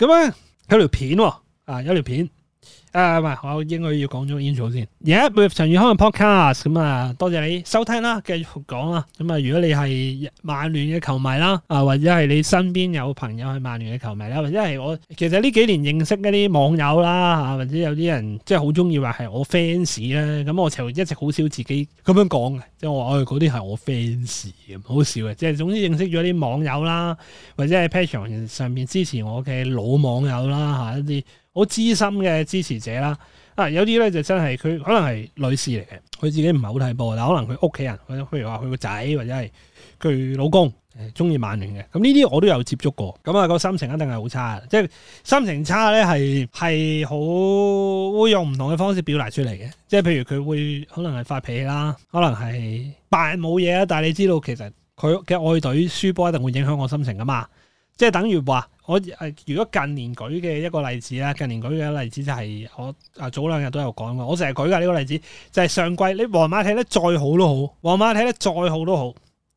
咁、嗯、咧有條片喎，啊有條片。誒、啊，唔係，我應該要講咗 intro 先。而家 with 陳宇康嘅 podcast 咁啊，多謝你收聽啦，繼續講啦。咁啊，如果你係曼聯嘅球迷啦，啊或者係你身邊有朋友係曼聯嘅球迷啦，或者係我其實呢幾年認識一啲網友啦，吓或者有啲人即係好中意話係我 fans 咧。咁我就一直好少自己咁樣講嘅，即係我誒嗰啲係我 fans 咁好少嘅。即係總之認識咗啲網友啦，或者係 Patreon 上面支持我嘅老網友啦吓，一啲。好資深嘅支持者啦，啊有啲咧就真係佢可能係女士嚟嘅，佢自己唔係好睇波，但可能佢屋企人，佢譬如話佢個仔或者係佢老公誒中意曼聯嘅，咁呢啲我都有接觸過，咁、那、啊個心情一定係好差即係、就是、心情差咧係係好會用唔同嘅方式表達出嚟嘅，即、就、係、是、譬如佢會可能係發脾氣啦，可能係扮冇嘢啦，但係你知道其實佢嘅愛隊輸波一定會影響我心情噶嘛。即係等於話，我如果近年舉嘅一個例子啦，近年舉嘅一個例子就係我、啊、早兩日都有講過，我成日舉嘅呢個例子就係、是、上季你皇馬睇得再好都好，皇馬睇得再好都好，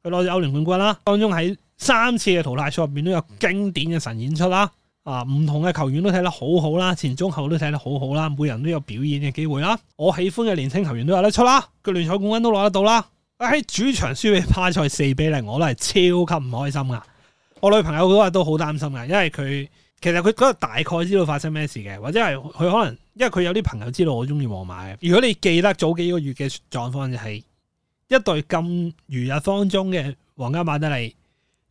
佢攞咗歐聯冠軍啦，當中喺三次嘅淘汰賽入面都有經典嘅神演出啦，啊唔同嘅球員都睇得好好啦，前中後都睇得好好啦，每人都有表演嘅機會啦，我喜歡嘅年輕球員都有得出啦，個聯賽冠軍都攞得到啦，喺、哎、主場輸俾巴塞四比零，我都係超級唔開心噶。我女朋友嗰日都好擔心嘅，因為佢其實佢嗰日大概知道發生咩事嘅，或者係佢可能因為佢有啲朋友知道我中意皇馬嘅。如果你記得早幾個月嘅狀況，就是，就係一隊咁如日方中嘅皇家馬德里，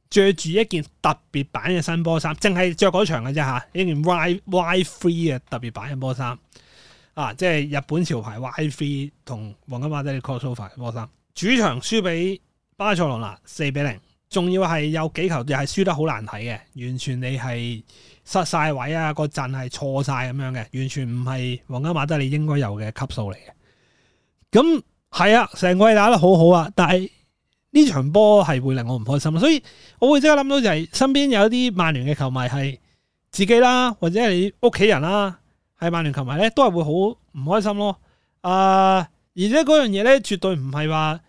着住一件特別版嘅新波衫，淨係着嗰場嘅啫嚇，一件 Y-3 嘅特別版嘅波衫，啊，即係日本潮牌 Y-3 同皇家馬德里 Crossover 嘅波衫，主場輸俾巴塞羅那四比零。仲要係有幾球又係輸得好難睇嘅，完全你係失晒位啊，個陣係錯晒咁樣嘅，完全唔係皇家馬德里應該有嘅級數嚟嘅。咁係啊，成季打得好好啊，但係呢場波係會令我唔開心，所以我會即刻諗到就係身邊有一啲曼聯嘅球迷係自己啦，或者係你屋企人啦，係曼聯球迷咧，都係會好唔開心咯。啊、呃，而且嗰樣嘢咧，絕對唔係話。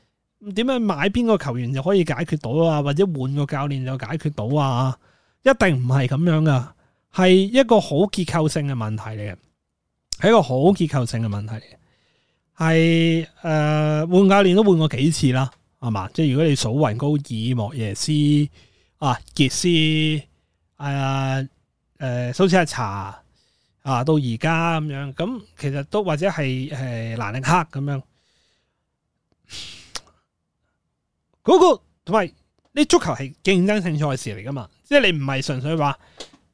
點樣買邊個球員就可以解決到啊？或者換個教練就解決到啊？一定唔係咁樣噶係一個好結構性嘅問題嚟嘅，係一個好結構性嘅問題嚟嘅。係誒、呃，換教練都換過幾次啦，係嘛？即係如果你數雲高爾莫耶斯啊，傑斯啊誒，蘇斯亞查啊，到而家咁樣，咁其實都或者係係蘭尼克咁樣。嗰個同埋啲足球係競爭性賽事嚟噶嘛？即係你唔係純粹話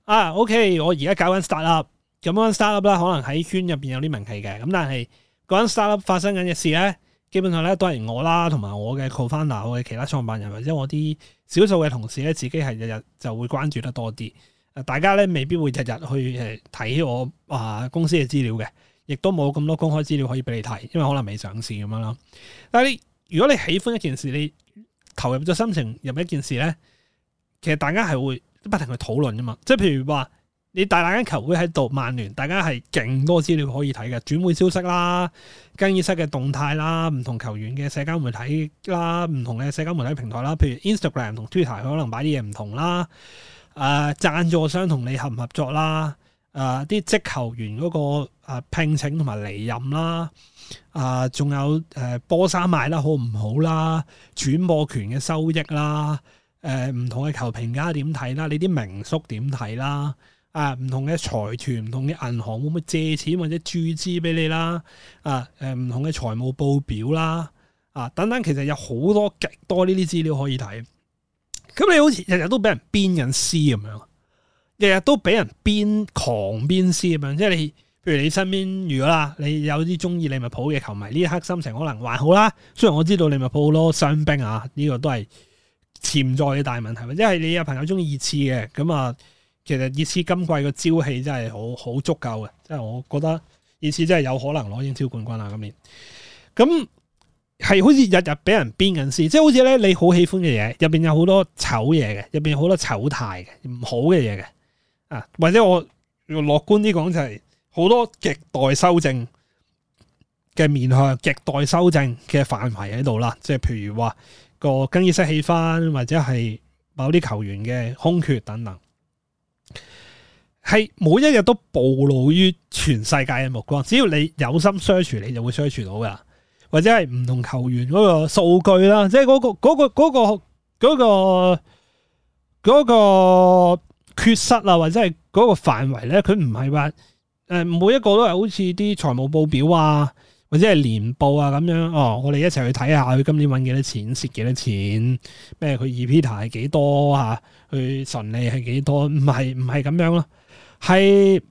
啊，OK，我而家搞緊 startup 咁樣 startup 啦，可能喺圈入面有啲名氣嘅。咁但係嗰間 startup 發生緊嘅事咧，基本上咧都係我啦，同埋我嘅 cofounder，我嘅其他創辦人或者我啲少數嘅同事咧，自己係日日就會關注得多啲。誒，大家咧未必會日日去睇我啊公司嘅資料嘅，亦都冇咁多公開資料可以俾你睇，因為可能未上市咁樣啦。但係如果你喜歡一件事，你投入咗心情入一件事呢，其實大家係會不停去討論噶嘛。即係譬如話，你大大間球會喺度，曼聯，大家係勁多資料可以睇嘅，轉會消息啦、更衣室嘅動態啦、唔同球員嘅社交媒體啦、唔同嘅社交媒體平台啦，譬如 Instagram 同 Twitter 佢可能擺啲嘢唔同啦。誒、呃，贊助商同你合唔合作啦？啊！啲職球員嗰個啊聘請同埋離任啦，啊仲有誒波衫賣啦，好唔好啦？轉播權嘅收益啦，誒唔同嘅球評家點睇啦？你啲名宿點睇啦？啊唔同嘅財團、唔同嘅銀行會唔會借錢或者注資俾你啦？啊誒唔同嘅財務報表啦，啊等等，其實有好多極多呢啲資料可以睇。咁你好似日日都俾人編緊詩咁樣。日日都俾人鞭狂鞭屍咁樣，即係你，譬如你身邊如果啦，你有啲中意利物浦嘅球迷，呢一刻心情可能還好啦。雖然我知道利物浦好多傷兵啊，呢、這個都係潛在嘅大問題係咪？者係你有朋友中意熱刺嘅，咁啊，其實熱刺今季嘅朝氣真係好好足夠嘅，即係我覺得熱刺真係有可能攞英超冠軍啊！今年咁係好似日日俾人鞭緊屍，即係好似咧你好喜歡嘅嘢入面有好多醜嘢嘅，入面有好多醜態嘅，唔好嘅嘢嘅。啊，或者我要樂觀啲講就係，好多亟待修正嘅面向，亟待修正嘅範圍喺度啦。即係譬如話個更衣室氣氛，或者係某啲球員嘅空缺等等，係每一日都暴露於全世界嘅目光。只要你有心 search，你就會 search 到噶。或者係唔同球員嗰個數據啦，即係嗰個個個個個。那個那個那個缺失啊，或者係嗰個範圍咧，佢唔係話誒每一個都係好似啲財務報表啊，或者係年報啊咁樣哦。我哋一齊去睇下佢今年搵幾多錢，蝕幾多錢，咩佢 EBITDA 係幾多吓，佢、啊、純利係幾多，唔係唔係咁樣咯，係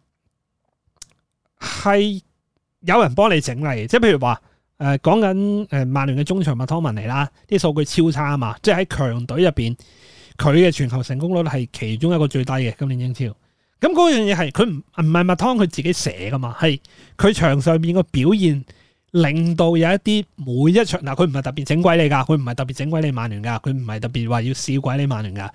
係有人幫你整理，即係譬如話誒講緊誒曼聯嘅中場麥湯文嚟啦，啲數據超差啊嘛，即係喺強隊入邊。佢嘅全球成功率係其中一個最低嘅，今年英超，咁嗰樣嘢係佢唔唔係麥湯佢自己寫噶嘛，係佢場上面個表現令到有一啲每一場嗱，佢唔係特別整鬼你噶，佢唔係特別整鬼你曼聯噶，佢唔係特別話要笑鬼你曼聯噶，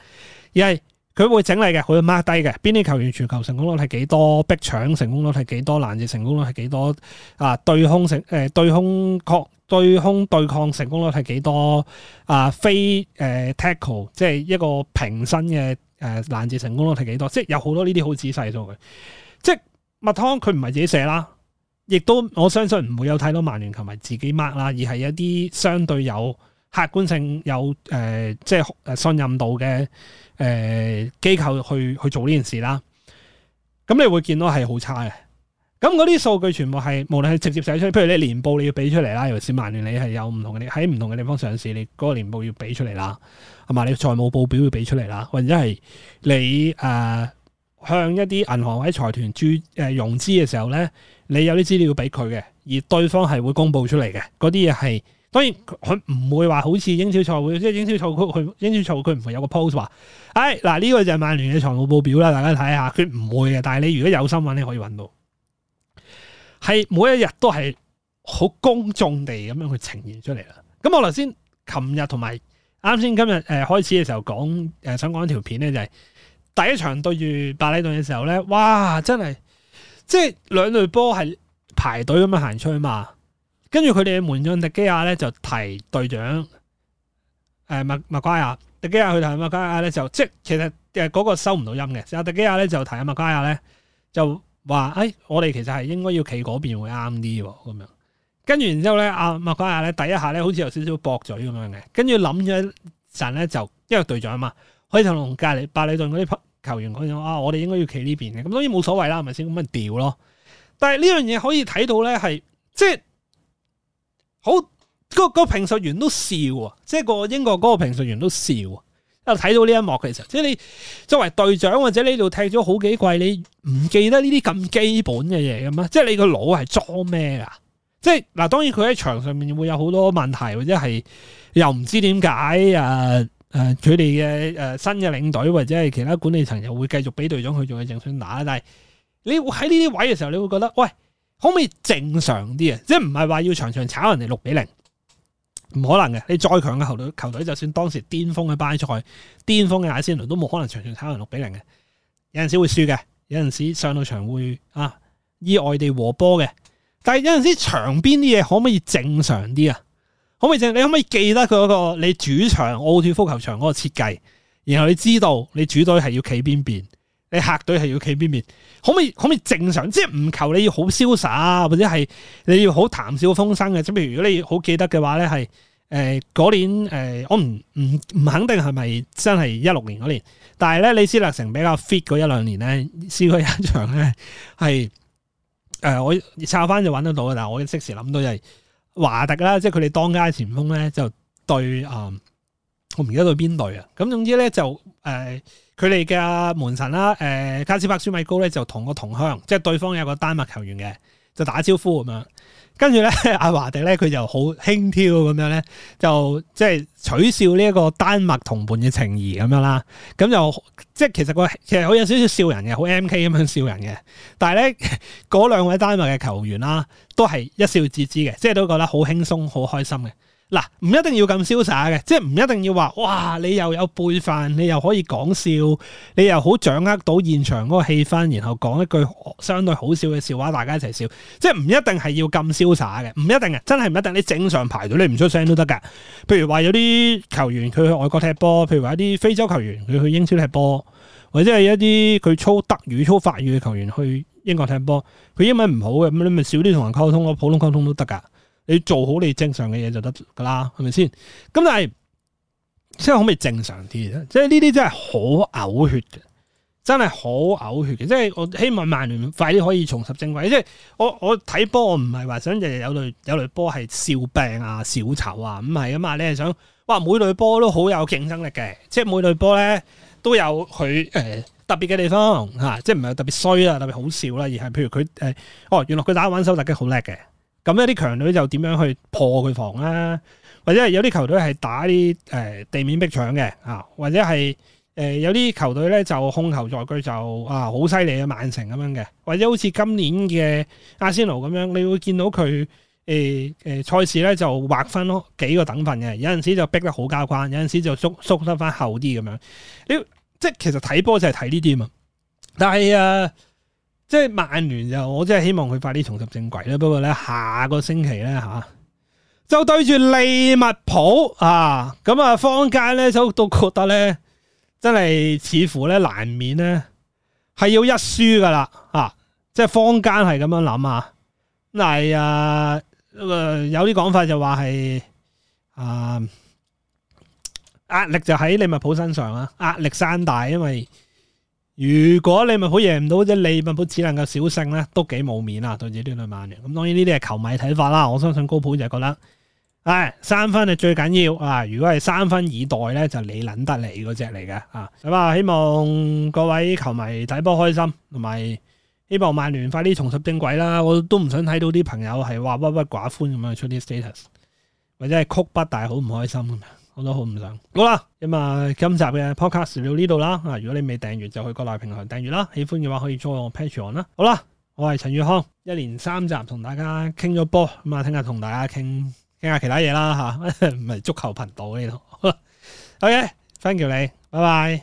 而係。佢會整理嘅，佢會 mark 低嘅。邊啲球員傳球成功率係幾多？逼搶成功率係幾多？攔截成功率係幾多？啊，對空成、呃、對空抗、呃、對空對抗成功率係幾多？啊，非誒、呃、tackle 即係一個平身嘅誒攔截成功率係幾多？即係有好多呢啲好仔細咗嘅。即係麥湯佢唔係自己寫啦，亦都我相信唔會有太多曼聯球迷自己 mark 啦，而係一啲相對有。客觀性有、呃、即係信任度嘅誒機構去去做呢件事啦。咁你會見到係好差嘅。咁嗰啲數據全部係無論係直接寫出嚟，譬如你年報你要俾出嚟啦，尤其是萬聯你係有唔同嘅，喺唔同嘅地方上市，你嗰個年報要俾出嚟啦，同埋你財務報表要俾出嚟啦，或者係你誒、呃、向一啲銀行或者財團注融資嘅時候咧，你有啲資料要俾佢嘅，而對方係會公佈出嚟嘅，嗰啲嘢係。當然佢唔會話好似英超賽會，即係英超賽區，佢英超賽區唔會有個 post 話，哎，嗱、這、呢個就係曼聯嘅財務報表啦，大家睇下，佢唔會嘅。但係你如果有新聞，你可以揾到，係每一日都係好公眾地咁樣去呈現出嚟啦。咁我頭先琴日同埋啱先今日誒開始嘅時候講誒，想講條片咧、就是，就係第一場對住白禮頓嘅時候咧，哇！真係即係兩隊波係排隊咁樣行出去嘛。跟住佢哋門將迪基亞咧就提隊長誒、哎、麥麥瓜亞，迪基亞去提麥瓜亞咧就即係其實誒嗰個收唔到音嘅，而家迪基亞咧就提下麥瓜亞咧就話誒、哎、我哋其實係應該要企嗰邊會啱啲，咁樣，跟住然之後咧阿麥瓜亞咧第一下咧好似有少少駁嘴咁樣嘅，跟住諗咗陣咧就因為隊長啊嘛，可以同隔籬巴里頓嗰啲球員講啊我哋應該要企呢邊嘅，咁當然冇所謂啦，係咪先咁咪調咯？但係呢樣嘢可以睇到咧係即係。好，嗰個評述員都笑，即係個英國嗰個評述員都笑，又睇到呢一幕嘅時候。其實即係你作為隊長或者你度踢咗好幾季，你唔記得呢啲咁基本嘅嘢嘅咩？即係你個腦係裝咩㗎？即係嗱，當然佢喺場上面會有好多問題，或者係又唔知點解啊？誒、啊，佢哋嘅誒新嘅領隊或者係其他管理層又會繼續俾隊長去做嘅正選打，但係你喺呢啲位嘅時候，你會覺得喂，可唔可以正常啲啊？即係唔係話要場場炒人哋六比零？唔可能嘅。你再強嘅球隊，球隊就算當時巔峰嘅巴塞、巔峰嘅阿仙奴都冇可能場場炒人六比零嘅。有陣時會輸嘅，有陣時上到場會啊意外地和波嘅。但係有陣時場邊啲嘢可唔可以正常啲啊？可唔可以正？你可唔可以記得佢嗰個你主場奧脫福球場嗰個設計，然後你知道你主隊係要企邊邊？你客隊係要企邊邊，可唔可以可唔可以正常？即係唔求你要好瀟灑，或者係你要好談笑風生嘅。即係譬如如果你好記得嘅話咧，係誒嗰年誒、呃，我唔唔唔肯定係咪真係一六年嗰年，但係咧李斯勒城比較 fit 嗰一兩年咧，輸佢一場咧係誒，我抄翻就揾得到嘅。但係我已經即時諗到就係華特啦，即係佢哋當家前鋒咧就對誒。呃我唔記得到邊隊啊！咁總之咧就誒佢哋嘅門神啦，誒、呃、卡斯柏舒米高咧就同個同鄉，即、就、係、是、對方有個丹麥球員嘅，就打招呼咁樣。跟住咧，阿、啊、華迪咧佢就好輕佻咁樣咧，就即係、就是、取笑呢一個丹麥同伴嘅情誼咁樣啦。咁就即係、就是、其實個其實好有少少笑人嘅，好 MK 咁樣笑人嘅。但係咧嗰兩位丹麥嘅球員啦、啊，都係一笑置之嘅，即、就、係、是、都覺得好輕鬆、好開心嘅。嗱，唔一定要咁瀟灑嘅，即係唔一定要話哇！你又有輩份，你又可以講笑，你又好掌握到現場嗰個氣氛，然後講一句相對好笑嘅笑話，大家一齊笑。即係唔一定係要咁瀟灑嘅，唔一定呀，真係唔一定。你正常排隊，你唔出聲都得㗎。譬如話有啲球員佢去外國踢波，譬如話一啲非洲球員佢去英超踢波，或者係一啲佢操德語、操法語嘅球員去英國踢波，佢英文唔好嘅，咁你咪少啲同人溝通咯，普通溝通都得㗎。你做好你正常嘅嘢就得噶啦，係咪先？咁但係即係可唔可以正常啲咧？即係呢啲真係好嘔血嘅，真係好嘔血嘅。即係我希望曼聯快啲可以重拾正軌。即係我我睇波，我唔係話想日日有隊有隊波係笑病啊、笑醜啊唔係啊嘛。你係想哇，每隊波都好有競爭力嘅，即係每隊波咧都有佢誒、呃、特別嘅地方吓、啊，即係唔係特別衰啦、特別好笑啦，而係譬如佢誒哦，原來佢打玩手突擊好叻嘅。咁有啲強隊就點樣去破佢防啦？或者係有啲球隊係打啲誒地面逼搶嘅嚇，或者係誒有啲球隊咧就控球在佢就啊，好犀利啊，曼城咁樣嘅，或者好似今年嘅阿仙奴咁樣，你會見到佢誒誒賽事咧就劃分咯幾個等份嘅，有陣時就逼得好交關，有陣時就縮縮得翻後啲咁樣。即係其實睇波就係睇呢啲嘛，但係誒。即係曼聯就，我真係希望佢快啲重拾正軌啦。不過咧，下個星期咧吓，啊，就對住利物浦啊，咁啊，坊間咧就都覺得咧，真係似乎咧難免咧係要一輸噶啦吓，即係坊間係咁樣諗啊。但係啊，有啲講法就話係啊，壓力就喺利物浦身上啊，壓力山大，因為。如果你利物浦贏唔到只利物浦，你只能夠小勝咧，都幾冇面啊！對住呢類曼聯咁，當然呢啲係球迷睇法啦。我相信高普就係覺得，唉、哎、三分係最緊要啊！如果係三分以待咧，就你諗得嚟嗰隻嚟嘅咁啊，希望各位球迷睇波開心，同埋希望曼聯快啲重拾正軌啦！我都唔想睇到啲朋友係話鬱鬱寡歡咁樣出啲 status，或者係曲筆，但係好唔開心咁我都好唔想。好啦，咁啊，今集嘅 podcast 到呢度啦。啊，如果你未訂閱就去各大平台訂閱啦。喜歡嘅話可以 join 我 patreon 啦。好啦，我係陳宇康，一連三集同大家傾咗波，咁啊聽日同大家傾傾下其他嘢啦吓。唔 係足球頻道呢度。OK，thank you 你，拜拜。